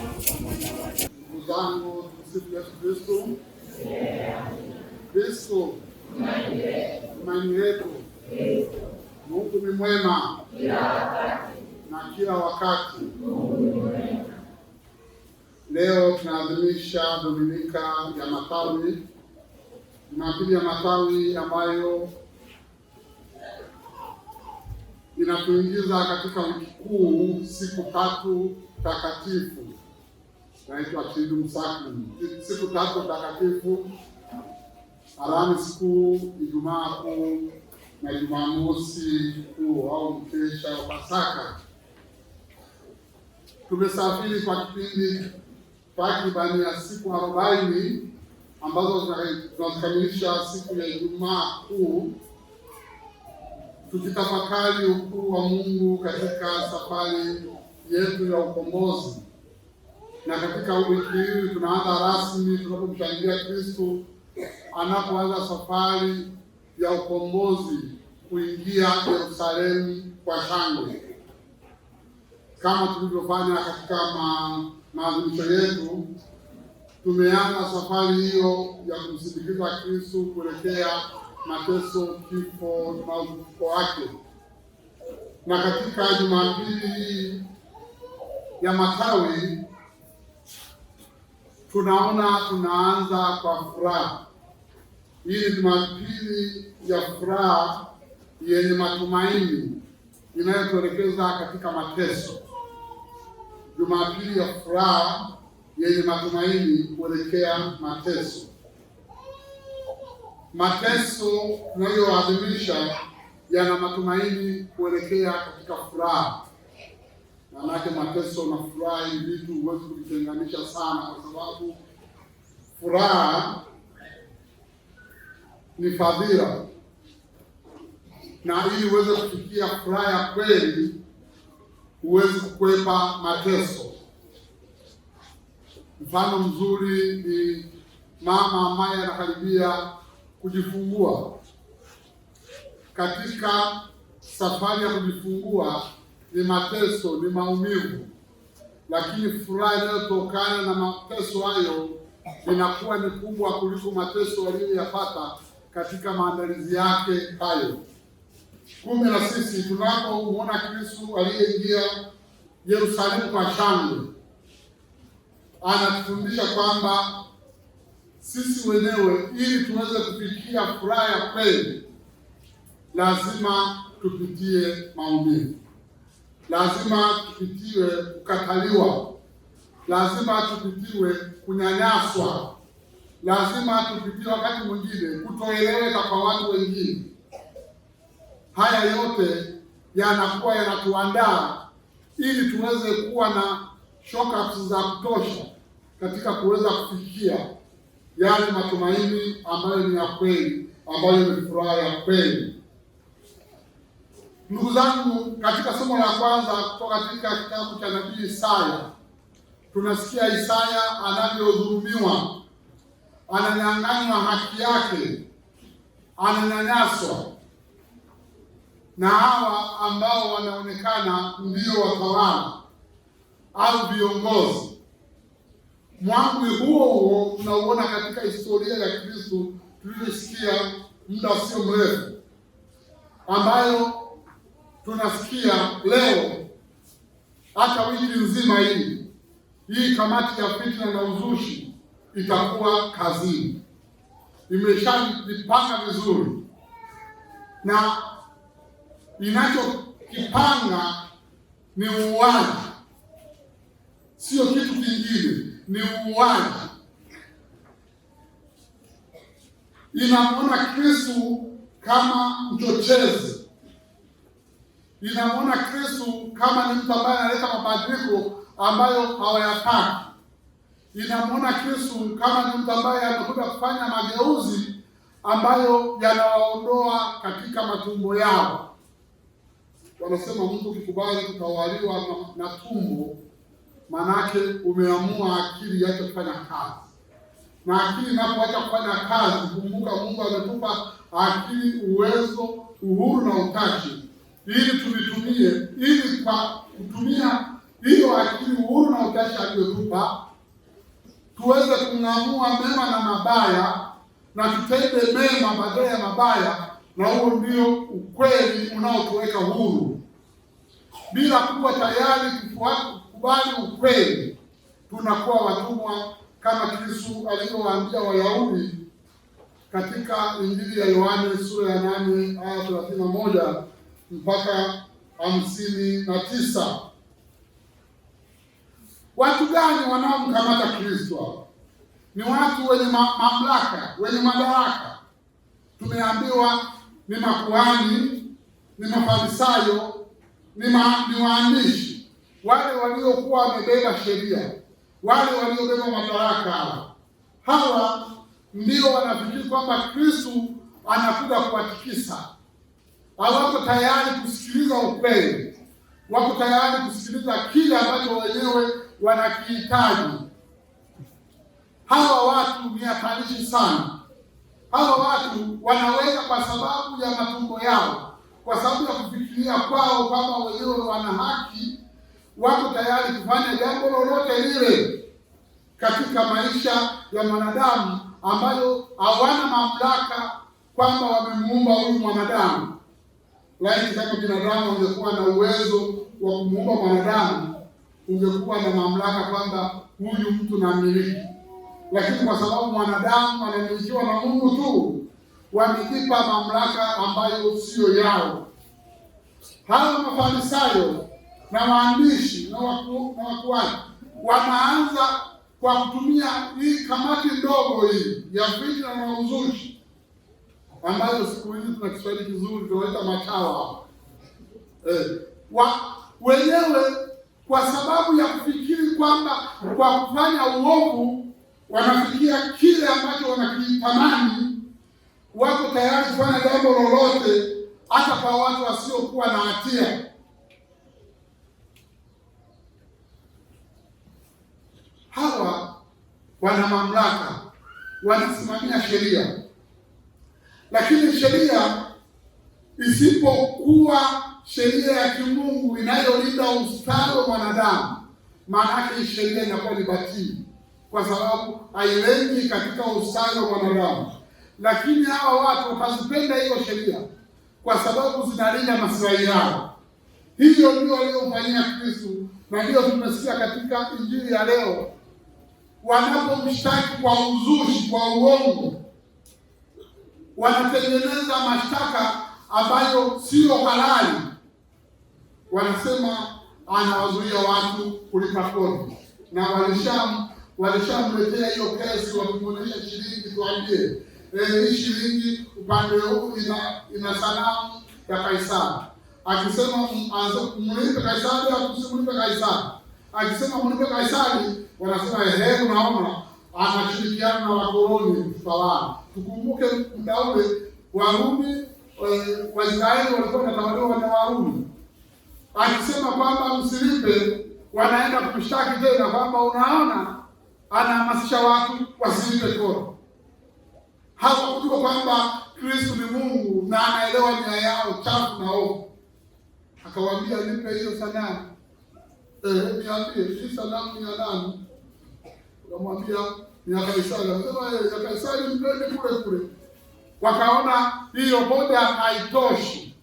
Ndugu zangu, tumsifu Yesu Kristo. Kristo tumaini letu. Mungu ni mwema na kila wakati. Leo tunaadhimisha Dominika ya Matawi, Jumapili ya Matawi ambayo inatuingiza katika wiki kuu, siku tatu takatifu naitwa Triduum Sacrum, siku tatu takatifu: Alhamisi Kuu, Ijumaa Kuu na Jumamosi Kuu au mkesha wa Pasaka. Tumesafiri kwa kipindi takribani ya siku arobaini ambazo tunazikamilisha siku ya Ijumaa Kuu, tukitafakari ukuu wa Mungu katika safari yetu ya ukombozi na katika wiki hii tunaanza rasmi tunapomshangilia Kristo anapoanza safari ya ukombozi kuingia Yerusalemu kwa shangwe kama tulivyofanya katika maadhimisho yetu. Tumeanza safari hiyo ya kumsindikiza Kristo kuelekea mateso, kifo na ufufuko wake, na katika Jumapili hii ya matawi tunaona tunaanza kwa furaha. Hii ni Jumapili ya furaha yenye matumaini inayotuelekeza katika mateso, Jumapili ya furaha yenye matumaini kuelekea mateso. Mateso tunayoadhimisha yana matumaini kuelekea katika furaha. Maanake mateso na furaha vitu huwezi kuvitenganisha sana, kwa sababu furaha ni fadhila, na ili uweze kufikia furaha ya kweli huwezi kukwepa mateso. Mfano mzuri ni mama ambaye anakaribia kujifungua. Katika safari ya kujifungua ni mateso, ni maumivu, lakini furaha inayotokana na mateso hayo inakuwa ni kubwa kuliko mateso waliyoyapata katika maandalizi yake hayo. Kumbe na sisi tunapomwona Kristo aliyeingia Yerusalemu kwa shangwe, anatufundisha kwamba sisi wenyewe ili tuweze kufikia furaha ya kweli lazima tupitie maumivu lazima tupitiwe kukataliwa, lazima tupitiwe kunyanyaswa, lazima tupitiwe wakati mwingine kutoeleweka kwa watu wengine. Haya yote yanakuwa yanatuandaa ili tuweze kuwa na shoka za kutosha katika kuweza kufikia yale matumaini ambayo ni ya kweli, ambayo ni furaha ya kweli. Ndugu zangu, katika somo la kwanza kutoka katika kitabu cha nabii Isaya tunasikia Isaya anavyodhulumiwa, ananyang'anywa haki yake, ananyanyaswa na hawa ambao wanaonekana ndio watawala au viongozi. Mwangwi huo huo unauona katika historia ya Kristo tuliyosikia muda sio mrefu ambayo tunasikia leo hata wiki nzima hii hii kamati ya fitna na uzushi itakuwa kazini, imeshajipanga vizuri na inachokipanga ni uwaji sio kitu kingine, ni uwaji Inamwona Kristu kama mchochezi linamwona Kristu kama ni mtu ambaye analeta mabadiliko ambayo hawayataki. Linamwona Kristu kama ni mtu ambaye amekuja kufanya mageuzi ambayo yanawaondoa katika matumbo yao. Wanasema mtu ukikubali kutawaliwa na tumbo, maanake umeamua akili yake kufanya kazi, na akili inapoacha kufanya kazi, kumbuka Mungu ametupa akili uwezo, uhuru na utashi ili tulitumie, ili kwa kutumia hiyo akili, uhuru na utashi aliyotupa tuweze kung'amua mema na mabaya, na tutende mema badala ya mabaya, na huo ndio ukweli unaotuweka huru bila kuwa tayari kukubali ukweli, tunakuwa watumwa kama Kristo alivyowaambia Wayahudi katika Injili ya Yohane sura ya 8 aya 31 mpaka hamsini na tisa. Watu gani wanaomkamata Kristo hao? Ni watu wenye ma mamlaka, wenye madaraka. Tumeambiwa ni makuhani, ni mafarisayo, ni, ma ni waandishi, wale waliokuwa wamebeba sheria, wale waliobeba madaraka. Hawa hawa ndio wanafikiri kwamba Kristo anakuja kuwatikisa hawako tayari kusikiliza upendo, wako tayari kusikiliza kile ambacho wenyewe wanakihitaji. Hawa watu ni hatarishi sana. Hawa watu wanaweza, kwa sababu ya matumbo yao, kwa sababu ya kufikiria kwao kwamba wenyewe wana haki, wako tayari kufanya jambo lolote lile katika maisha ya mwanadamu ambayo hawana mamlaka kwamba wamemuumba huyu mwanadamu laiti kama binadamu ungekuwa na uwezo wa kumuumba mwanadamu, ungekuwa na mamlaka kwamba huyu mtu na mmiliki, lakini kwa sababu mwanadamu anamilikiwa na Mungu tu, wamejipa mamlaka ambayo siyo yao. Hawa Mafarisayo na waandishi na wakuani wanaanza kwa kutumia hii kamati ndogo hii ya fitna na uzushi ambazo siku hizi tuna Kiswahili kizuri tunaita makawa eh, wa wenyewe kwa sababu ya kufikiri kwamba kwa kufanya uovu wanafikia kile ambacho wanakitamani, wako tayari kufanya jambo lolote, hata kwa watu wasiokuwa na hatia. Hawa wana mamlaka, wanasimamia sheria lakini sheria isipokuwa sheria ya kimungu inayolinda ustawi wa mwanadamu, maana hii sheria inakuwa ni batili, kwa sababu hailengi katika ustawi wa mwanadamu. Lakini hawa watu wakazipenda hiyo sheria kwa sababu zinalinda maslahi yao. Hiyo ndio waliofanyia Kristu, na ndio tumesikia katika injili ya leo, wanapomshtaki kwa uzushi, kwa uongo wanatengeneza mashtaka ambayo siyo halali, wanasema anawazuia watu kulipa kodi, na walisha walishamletea hiyo kesi, wakimuonyesha shilingi, tuambie e, hii shilingi upande huu ina ina sanamu ya Kaisari, akisema mlipe Kaisari, akusimlipe Kaisari, akisema mlipe Kaisari, wanasema ehe, unaona anashirikiana na wakoloni Mtawala. Tukumbuke muda ule Warumi eh, Waisraeli walikuwa na tamaduni wa Warumi, akisema kwamba msilipe, wanaenda kumshtaki tena kwamba unaona, anahamasisha watu wasilipe kodi. Hawakujua kwamba kristu ni Mungu na anaelewa nia yao chafu na ovu. Akawaambia, nipe hiyo sanamu, eh, niambie hii sanamu ya nani? Unamwambia ya Kaisari. Anasema ya Kaisari mbele kule kule. Wakaona hiyo boda haitoshi.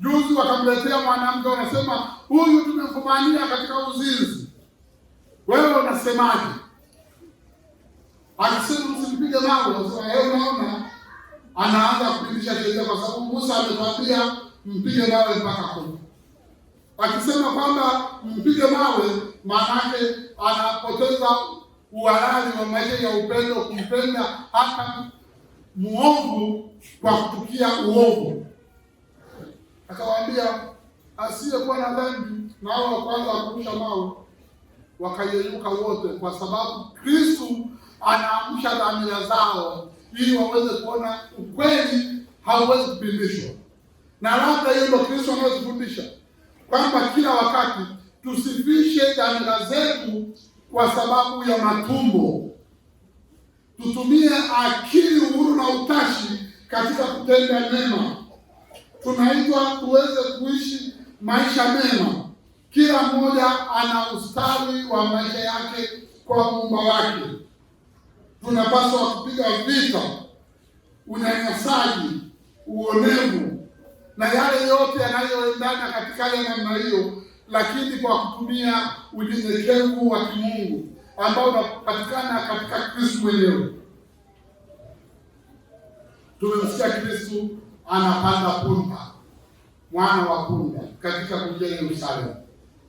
Juzi wakamletea mwanamke, wanasema huyu tumefumania katika uzinzi, wewe unasemaje? Akisema msimpige mawe. Anasema yeye, unaona, anaanza kupindisha sheria, kwa sababu Musa ametuambia mpige mawe mpaka kumi. Akisema kwamba mpige mawe, maanake anapoteza uhalali wa maisha ya upendo, kumpenda hata muongo kwa kutukia uongo. Akawaambia asiyekuwa na dhambi na hao wa kwanza wakurusha mawe, wakayeyuka wote, kwa sababu Kristu anaamsha dhamira zao ili waweze kuona ukweli hauwezi kupindishwa. Na labda hiyo ndiyo Kristu anayotufundisha kwamba kila wakati tusifishe dhamira zetu kwa sababu ya matumbo. Tutumie akili, uhuru na utashi katika kutenda mema. Tunaitwa tuweze kuishi maisha mema. Kila mmoja ana ustawi wa maisha yake kwa muumba wake. Tunapaswa kupiga vita unyanyasaji, uonevu na yale yote yanayoendana katika yale namna hiyo lakini kwa kutumia unyenyekevu wa kimungu ambao unapatikana katika Kristo mwenyewe. Tumemsikia Kristo anapanda punda, mwana wa punda katika kujenga Yerusalemu,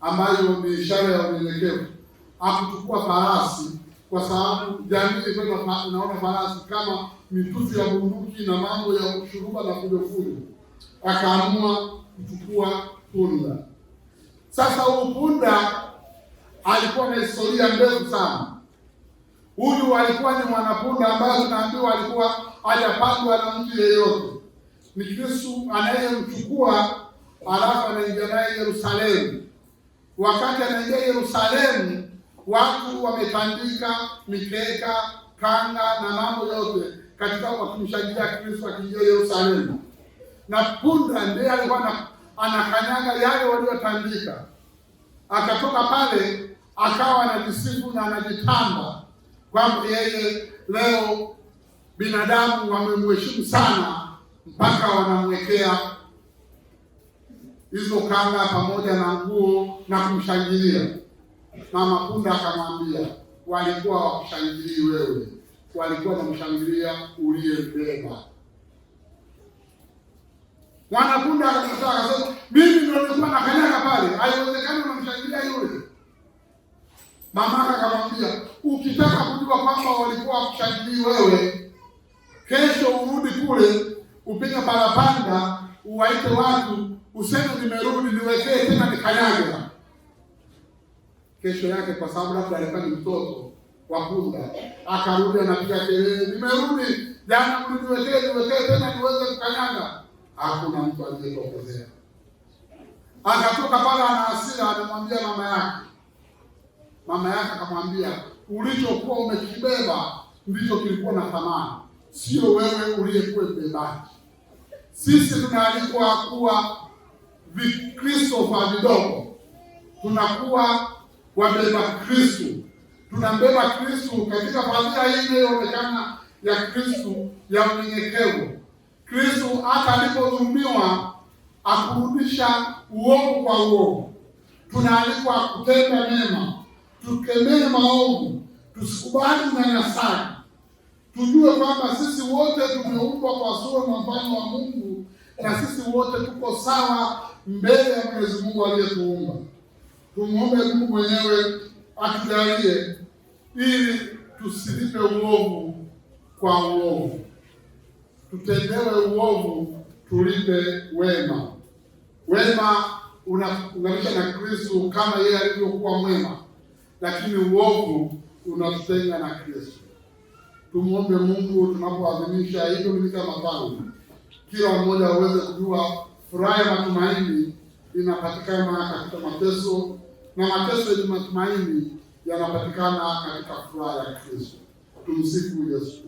ambayo ni ishara ya unyenyekevu. Hakuchukua farasi kwa sababu jamii ilikuwa inaona farasi kama mitusi ya bunduki na mambo ya shuruba na fujofujo. Akaamua kuchukua punda. Sasa huyu punda alikuwa na historia ndefu sana. Huyu alikuwa ni mwanapunda ambaye tunaambiwa alikuwa hajapandwa na mtu yeyote, ni Kristu anayemchukua alafu anaingia naye Yerusalemu. Wakati anaingia Yerusalemu, watu wametandika mikeka, kanga na mambo yote katika wakimshangilia Kristu akiingia Yerusalemu, na punda ndiye alikuwa na anakanyaga yale waliyotandika. Akatoka pale akawa anajisifu na anajitamba kwamba yeye leo binadamu wamemheshimu sana mpaka wanamwekea hizo kanga pamoja na nguo na kumshangilia. Mama Punda akamwambia, walikuwa wakushangilii wewe, walikuwa wanamshangilia uliyembeba. Wanakunda akajitoa akasema, mimi ndio nilikuwa nakanyaga pale, haiwezekani unamshangilia yule. Mama akamwambia, ukitaka kujua kwamba walikuwa kushangilia wewe, kesho urudi kule, upige parapanda, uwaite watu, useme nimerudi, niwekee tena nikanyaga. Kesho yake, kwa sababu labda alikuwa ni mtoto wa kunda, akarudi anapiga kelele, nimerudi jana, mliniwekee, niwekee tena niweze kukanyaga hakuna mtu aliyetokezea. Akatoka pale ana hasira, anamwambia mama yake. Mama yake akamwambia, ulichokuwa umekibeba ndicho kilikuwa na thamani, sio wewe uliyekuwa mbebaji. Sisi tunaalikwa kuwa vikristofa vidogo, tunakuwa wabeba Kristu, tunambeba Kristu katika fadhila hii inayoonekana ya Kristu ya unyenyekevu Kristo hata alipodhulumiwa akurudisha uovu kwa uovu. Tunaalikwa kutenda mema, tukemee maovu, tusikubali unyanyasaji. Tujue kwamba sisi wote tumeumbwa kwa sura na mfano wa Mungu, na sisi wote tuko sawa mbele ya Mwenyezi Mungu aliyetuumba. Tumuombe Mungu mwenyewe atujalie ili tusilipe uovu kwa uovu tutendewe uovu, tulipe wema. Wema unaunganisha na Kristo kama yeye alivyokuwa mwema, lakini uovu unatutenga na Kristo. Tumwombe Mungu tunapoadhimisha hivyo minika mapano, kila mmoja aweze kujua furaha ya matumaini inapatikana katika mateso na mateso yenye matumaini yanapatikana katika furaha ya Kristo. Tumsifu Yesu.